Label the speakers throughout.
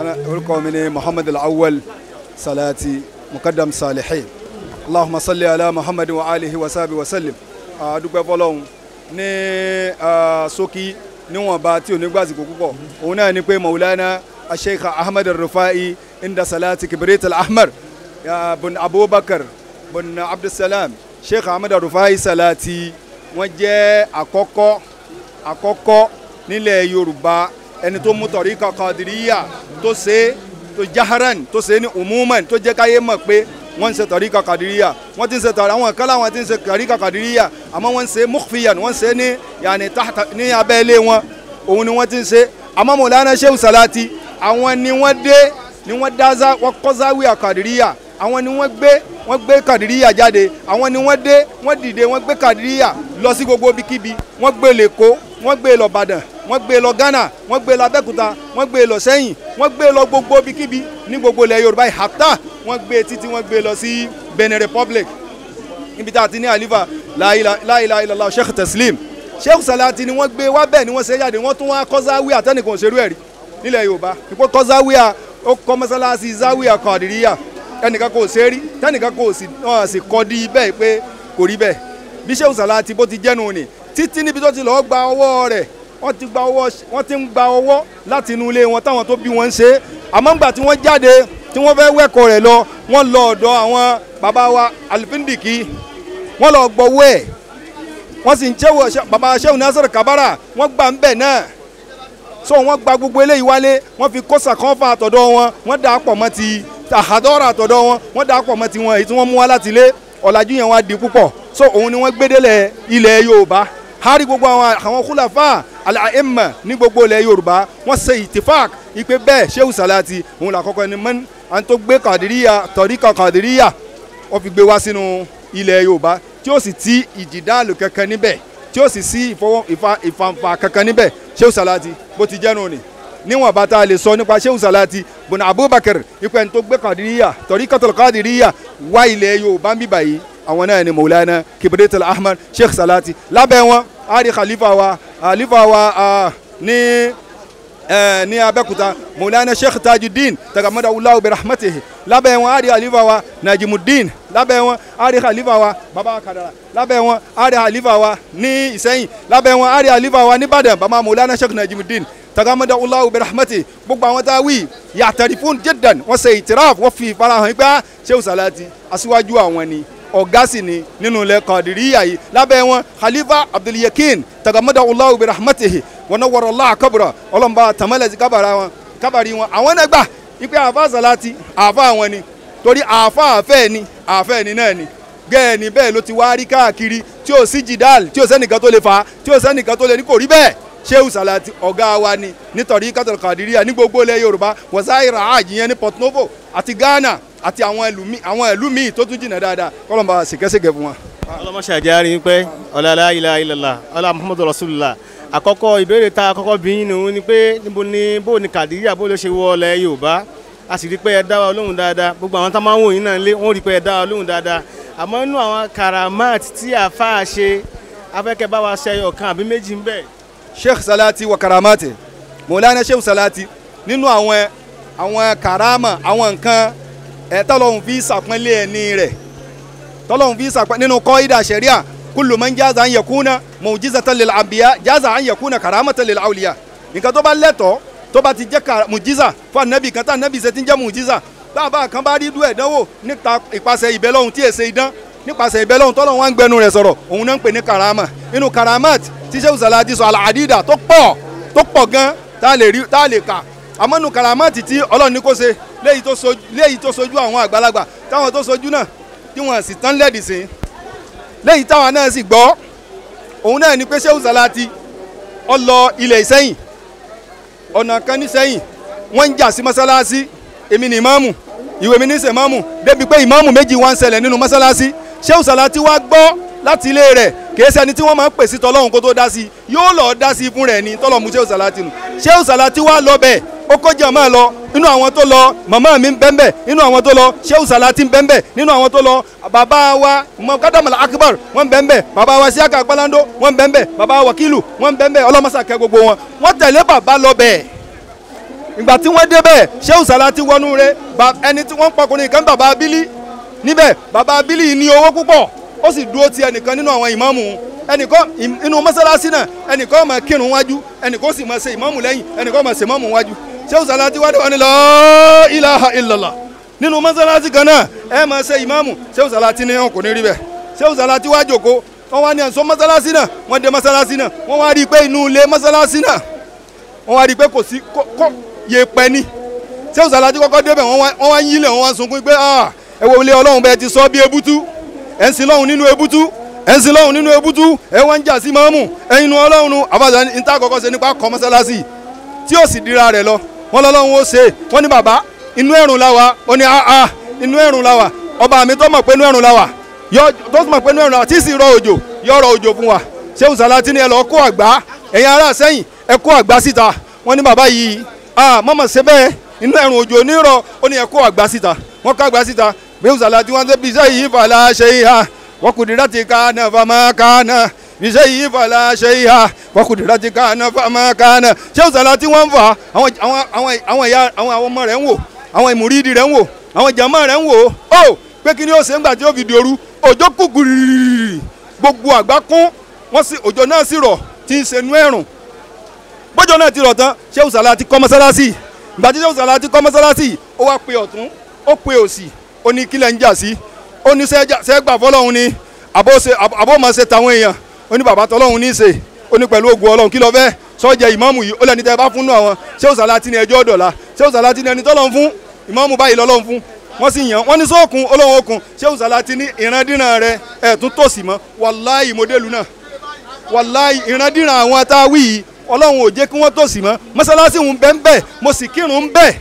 Speaker 1: أنا أقولكم من محمد الأول صلاتي مقدم صالحين اللهم صل على محمد وآله وصحبه وسلم adúpẹ́ fọlọ́hún ní ṣókí níwọ̀nba tí ò ní gbàsìkò púpọ̀ òun náà ni pé maulana sheikh ahmed rufai inda salati kibrit al-ahmar bun abubakar bun abdulsalam sheikh ahmed rufai salati wọ́n jẹ́ àkọ́kọ́ àkọ́kọ́ nílẹ̀ yorùbá ẹni tó mú tọ̀ríkà kọ̀dìríyà tó ṣe é tó jaharan tó ṣe é umuman tó jẹ́ káyé mọ̀ pé wọ́n ń ṣe tọ̀ríkà kọ̀dìríyà wọ́n ti ń ṣe tọ̀rí àwọn kan láwọn ti ń ṣe tọ̀ríkà kọ̀dìríyà àmọ́ wọ́n ń ṣe mukfiyan wọ́n ń ṣe ní yàní tahta ní abẹ́lé wọn òun ni wọ́n ti ń ṣe àmọ́ Mawlana Salati àwọn ni wọ́n dé ni wọ́n dá wọ́n kọ́ záwìyà àwọn ni wọ́n gbé wọ́n gbé kàdíríyà jáde àwọn ni wọ́n dé wọ́n dìde wọ́n gbé kàdíríyà lọ sí gbogbo ibikíbi wọ́n gbé lẹ́kọ́ wọ́n gbé lọ Ìbàdàn wọ́n gbé lọ Ghana wọ́n gbé lọ Abẹ́òkúta wọ́n gbé lọ Ṣẹ́yìn wọ́n gbé lọ gbogbo ibikíbi ní gbogbo ilẹ̀ Yorùbá ìhàtà wọ́n gbé títí wọ́n gbé lọ sí Benin Republic níbi tá a ti ní àlífà láìláìláìlá Sheikh Taslim Sheikh Salati ni wọ́n gbé wá bẹ́ẹ̀ ni wọ́n ṣe jáde wọ́n tún wá kọ́ záwíà tẹ́nìkan òṣèrú ẹ̀rí nílẹ̀ Yorùbá ìpò kọ́ záwíà ó kọ́ mọ́sálásí záwíà kọ́ àdìríyà ẹnìkan kò ṣe é rí tẹnìkan kò sì kọ́ di bẹ́ẹ̀ pé kò rí bẹ́ẹ̀ bí Shehu Salaty bó ti jẹ́nu ni títí níbi tó ti lọ́ọ́ gba ọwọ́ rẹ̀ wọ́n ti gba ọwọ́ wọ́n ti ń gba ọwọ́ láti inú ilé wọn táwọn tó bí wọn ń ṣe é àmọ́ ńgbà tí wọ́n jáde tí wọ́n fẹ́ẹ́ wẹ̀kọ̀ rẹ̀ lọ wọ́n lọ ọ̀dọ̀ àwọn bàbá wa alifindiki wọ́n lọ gbọ́wọ́ ẹ̀ wọ́n sì ń jẹ́wọ́ bàbá Shehu Nasir Kabara wọ́n gbà ń bẹ̀ náà so wọ́n gba gbogbo eléyìí wálé wọ́n fi kó sàkánfà àtọ̀dọ̀ wọn wọ́n dà á pọ̀ mọ́ ti àhádọ́rà àtọ̀dọ̀ wọn wọ́n dàpọ̀ mọ́ tiwọn èyí tí wọ́n mú wá láti ilé ọ̀làjú yẹn wá di púpọ̀ so òun ni wọ́n gbédélẹ̀ ilẹ̀ Yorùbá hari gbogbo àwọn àwọn kúláfà àlàémà ní gbogbo ilẹ̀ Yorùbá wọ́n ṣe ìtìfàk ipe bẹ́ẹ̀ Shehu Salati òun làkọ́kọ́ ẹni mọ́ni à ń tó gbé kàdíríyà tọ̀ríkà kàdíríyà wọ́n fi gbé wá sínú ilẹ̀ Yorùbá tí ó sì ti ìjìdáàlù kankan níbẹ̀ tí ó sì sí ìfọwọ́ ìfàǹfà kankan níbẹ̀ Shehu Salati bó ti jẹ́nu ni níwọ̀n bàtà lè sọ nípa Shehu Salati bùnà Abubakar ipò ẹni tó gbé Qadiriyya Tariqatul Qadiriyya wá ilẹ̀ Yorùbá ń bíbà yìí àwọn náà ni Maulana Kibritul Ahmad Sheikh Salati lábẹ́ wọn ari khalifa wa khalifa wa ní ní Abẹ́òkúta Maulana Sheikh Tajuddin tagamada wulawo bi rahmatihi lábẹ́ wọn ari khalifa wa Najimuddin lábẹ́ wọn ari khalifa wa baba kadara lábẹ́ wọn ari khalifa wa ní Ìsẹ́yìn lábẹ́ wọn ari khalifa wa ní Ìbàdàn baba Maulana Sheikh Najimuddin tagamada Allahu bi rahmati gbogbo àwọn tá a wí yàtàrífún jẹ́dàn wọ́n ṣe ìtiraf wọ́n fi ìfarahàn gbá Shehu Salati aṣíwájú àwọn ni ọ̀gá sì ni nínú ilẹ̀ Qadiriyya yìí lábẹ́ wọn Khalifa Abdul tagamada Allahu bi wọn wọ̀rọ̀ Allah kabra ọlọ́mọba tàmẹ́lẹ̀ sí kábàrí wọn àwọn náà gbà ipe àfa Salati àfa àwọn ni torí àfa àfẹ́ ni àfẹ́ ni náà ni gẹ́ẹ̀ ni bẹ́ẹ̀ ló ti wá rí káàkiri tí ò sí jidal tí ò sẹ́nìkan tó lè fà tí ò sẹ́nìkan tó lè ní kò rí bẹ́ẹ̀ Shehu Salati ọ̀gá wa ni nítorí kátólì kàdíríà ní gbogbo ilẹ̀ Yorùbá wọ̀sáìrà àjìyẹn ní Port Novo àti Ghana àti àwọn ìlú míì tó tún jìnnà dáadáa kọ́lọ́mbà ṣèkẹ́ṣèkẹ́ fún wa. ọlọmọṣẹ àjẹrí pé ọlọlá ilà ilàlá ọlá Muhammadu Rasulullah àkọ́kọ́ ìbéèrè ta àkọ́kọ́ bí yín ni pé níbo ni bó ni kàdíríà bó ló ṣe wọ ilẹ̀ Yorùbá a sì rí pé ẹ dá wa lóhùn dáadáa gbogbo àwọn tá máa ń wò yín náà lé wọn rí pé ẹ dá wa dáadáa àmọ́ inú àwọn karamat tí àáfàá ṣe afẹ́kẹ́ bá ṣe ọ̀kan àbí méjì ń bẹ sheikh salati wa karamati mọ̀lánà sheikh salati nínú àwọn àwọn karama àwọn nǹkan ẹ̀ eh, tọ́lọ́hún fi sàpọ́nlé ẹni rẹ̀ tọ́lọ́hún fi sàpọ́nlé nínú kọ́ídà sẹ̀ríà kullu man jaza an yakuna mu'jizatan lil anbiya jaza an yakuna karamatan lil awliya nǹkan tó bá lẹ́tọ̀ọ́ tó bá ti jẹ́ mujiza fún anabi kan tá anabi ṣe ti ń jẹ́ mujiza bàbá kan bá rí dú ẹ̀dánwò nípa ìpasẹ̀ ìbẹ́lọ́hún tí èsè idán nípasẹ̀ ìbẹ́lọ́hún tọ́lọ́hún wá ń gbẹnu rẹ̀ sọ̀rọ̀ òun náà ń pè ní karama nínú karamat tí sẹ́wù sàlàdí sọ àlàdídà tó pọ̀ tó pọ̀ gan tá a lè rí tá a lè kà àmọ́nu kàràmọ́tì tí ọlọ́run ní kó ṣe léyìí tó sojú àwọn àgbàlagbà táwọn tó sojú náà tí wọ́n sì tán lẹ́ẹ̀dì sí léyìí táwọn náà sì gbọ́ òun náà ni pé sẹ́wù sàlàdí ó lọ ilẹ̀ Ìṣẹ́yìn ọ̀nà kan ní Ìṣẹ́yìn wọ́n ń jà sí mọ́sálásí èmi ni ìmáàmù ìwé mi ní sèmáàmù débi pé ìmáàmù méjì wá ń ṣẹlẹ̀ nínú mọ́sálásí sẹ́wù sàlàdí wá gbọ́ láti ilé rẹ̀ kìí ṣẹni tí wọ́n máa ń pè sí tọ́lọ́hún kó tó dá sí yóò lọ dá sí fún rẹ̀ ni tọ́lọ́mù Shehu Salaty nù Shehu Salaty wá lọ bẹ́ẹ̀ ó kọjá máa lọ nínú àwọn tó lọ màmá mi ń bẹ́ńbẹ́ nínú àwọn tó lọ Shehu Salaty ń bẹ́ńbẹ́ nínú àwọn tó lọ bàbá wa mọ̀kádàmọ̀lá akbar wọ́n ń bẹ́ńbẹ́ bàbá wa síyáka gbalando wọ́n ń bẹ́ńbẹ́ bàbá wakilu wọ́n ń bẹ́ńbẹ́ ọlọ́mọsàkẹ́ gbogbo wọn wọ́n tẹ̀lé bàbá lọ bẹ́ẹ̀ ìgbà tí wọ́n débẹ̀ Shehu Salaty wọnú rẹ̀ ẹni tí wọ́n pọkùnrin kan bàbá abili níbẹ̀ bàbá abili ní owó púpọ̀ ó sì dúró ti ẹnìkan nínú àwọn ìmáàmù ẹnìkan inú mọ́sálásí náà ẹnìkan máa kírun wájú ẹnìkan sì máa ṣe ìmáàmù lẹ́yìn ẹnìkan máa ṣe ìmáàmù wájú ṣéwù sàlátì wádìí wọn ni la ilaha illallah nínú mọ́sálásí kan náà ẹ máa ṣe ìmáàmù ṣéwù sàlátì ní ọkùn ní rí bẹ́ẹ̀ ṣéwù sàlátì wá jòkó wọ́n wá ní ẹ̀sọ́ mọ́sálásí náà wọ́n dé mọ́sálásí náà wọ́n wá rí i pé inú ilé mọ́sálásí náà wọ́n wá rí i pé kò sí kó yẹpẹ ní ṣéwù sàlátì kọ́kọ́ débẹ̀ wọ́n wá yílẹ̀ wọ́n wá sunkún pé ah, ẹ wo ilé ọlọ́run bẹ́ẹ̀ ti sọ bí ebútú ẹ̀ ń sin lọ́hùn nínú ebútú ẹ̀ ń sin lọ́hùn nínú ebútú ẹ̀ wọ́n ń jà sí mọ́mù ẹ̀yin nu ọlọ́run nu àbájá ní ta kọ́kọ́ ṣe nípa kọ́ mọ́sálásì tí ó sì dira rẹ̀ lọ wọ́n lọ́lọ́run ó ṣe wọ́n ní bàbá inú ẹ̀rùn la wà ó ní àá inú ẹ̀rùn la wà ọba mi tó mọ̀ pé inú ẹ̀rùn la wà tó mọ̀ pé inú ẹ̀rùn la wà tí sì rọ òjò yọ rọ òjò fún wa ṣéun sàlátì ni ẹ lọ kó àgbá ẹ̀yin ará sẹ́yìn ẹ kó àgbá síta wọ́n ní bàbá yìí mọ̀mọ̀ ṣe bẹ́ẹ̀ inú ẹ̀rùn òjò onírọ̀ ó ní ẹ kó àgbá síta wọ́n ká àgbá síta بوصلة بشيء فلا شيء وقدرتك أنا فما كان bíṣẹ́yìí fàlà ṣẹ́yà wàkùdìrátì kàánà fàmà kàánà ṣẹ́wùsàlà tí wọ́n ń fà àwọn àwọn ìyá àwọn ọmọ rẹ̀ ń wò àwọn ìmùrídìí rẹ̀ ń wò àwọn jàmá rẹ̀ ń wò ó pé kí ni ó ṣe ń gbà tí ó fi di ooru òjò kù gbìrìrì gbogbo àgbá kún wọ́n sì òjò náà sì rọ̀ tí ń ṣe nú ẹ̀rùn bójò náà ti rọ̀ tán ṣẹ́wùsàlà ti kọ́ mọ́sálásì ìgbà tí ṣẹ́wùsàlà ti kọ́ mọ́sálásì ó wá pe ọ̀tún ó pe òsì ó ní kílẹ̀ ń jà sí ó ní sẹ́gbà fọlọ́hún ni àbómọ̀ ṣe tàwọn èèyàn ó ní bàbá tọlọ́hún ní í ṣe ó ní pẹ̀lú ògùn ọlọ́run kí lọ fẹ́ sọ́jà ìmáàmù yìí ó lẹ́ni tẹ́ bá fún nù àwọn ṣé òsà láti ní ẹjọ́ ọ̀dọ̀la ṣé òsà láti ní ẹni tọ́lọ́hún fún ìmáàmù báyìí lọ́lọ́hún fún wọ́n sì yàn wọ́n ní sóòkun olóhùn okun ṣé òsà láti ní ìrandíran rẹ ẹ̀tún tòsí mọ́ wàláì mọ́dẹ́lù náà wàláì ìrandíran àwọn atáwí yìí ọlọ́run ò kí wọ́n tòsí mọ́ mọ́sálásí ń bẹ́ẹ̀ bẹ́ẹ̀ ń bẹ́ẹ̀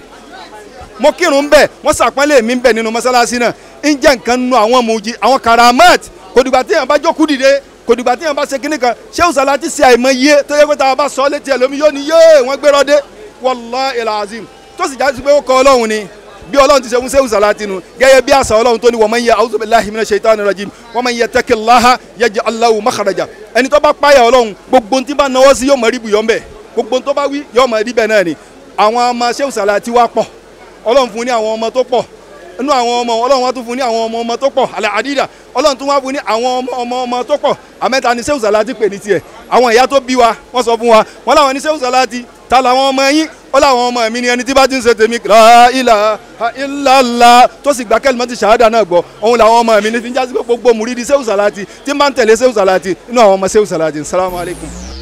Speaker 1: mo kírun bẹ́ẹ̀ wọ́n sàpọ́nlé mi bẹ́ẹ̀ nínú mọ́sálásí náà ń jẹ́ nǹkan nu àwọn muji àwọn karamat kò dìgbà téèyàn bá jókòó dìde kò dìgbà téèyàn bá ṣe kíní kan ṣé òsàlá ti ṣe àìmọye tó yẹ pé tá a bá sọ ọ́ létí ẹ̀ lómi yóò ní yéé wọ́n gbéró dé wallahi alazim tó sì jáde pé ó kọ ọlọ́run ni bí ọlọ́run ti ṣe fún sẹ́wùsà láti gẹ́gẹ́ bí àṣà ọlọ́run tó ní wa man ya rajim wa man yattaqillaha yaj'al lahu makhraja ẹni tó bá páyà ọlọ́run gbogbo tí bá náwó sí yóò mọ̀ rí ibùyọ̀ ń bẹ̀ àwọn ọmọ sẹ́wùsà láti wá pọ̀ ọlọ́run fún ní àwọn ọmọ tó pọ̀ inú àwọn ọmọ ọlọ́run wá tún fún ní àwọn ọmọ ọmọ tó pọ̀ àlẹ́ àdídà ọlọ́run tún wá fún ní àwọn ọmọ ọmọ ọmọ tó pọ̀ àmẹ́ta ni Shehu Salaty pè ní tiẹ̀ àwọn ìyá tó bí wa wọ́n sọ fún wa wọ́n láwọn ní Shehu Salaty ta làwọn ọmọ yín ó láwọn ọmọ mi ni ẹni tí bá ti ń ṣe tèmi la ilaha illallah tó sì gba kẹlìmọ́ ti náà gbọ́ òun làwọn ọmọ mi ni fi ń jásí gbogbo mùrídìí Shehu Salaty tí ń bá ń tẹ̀lé Shehu Salaty inú àwọn ọmọ Shehu Salaty salamu alaykum.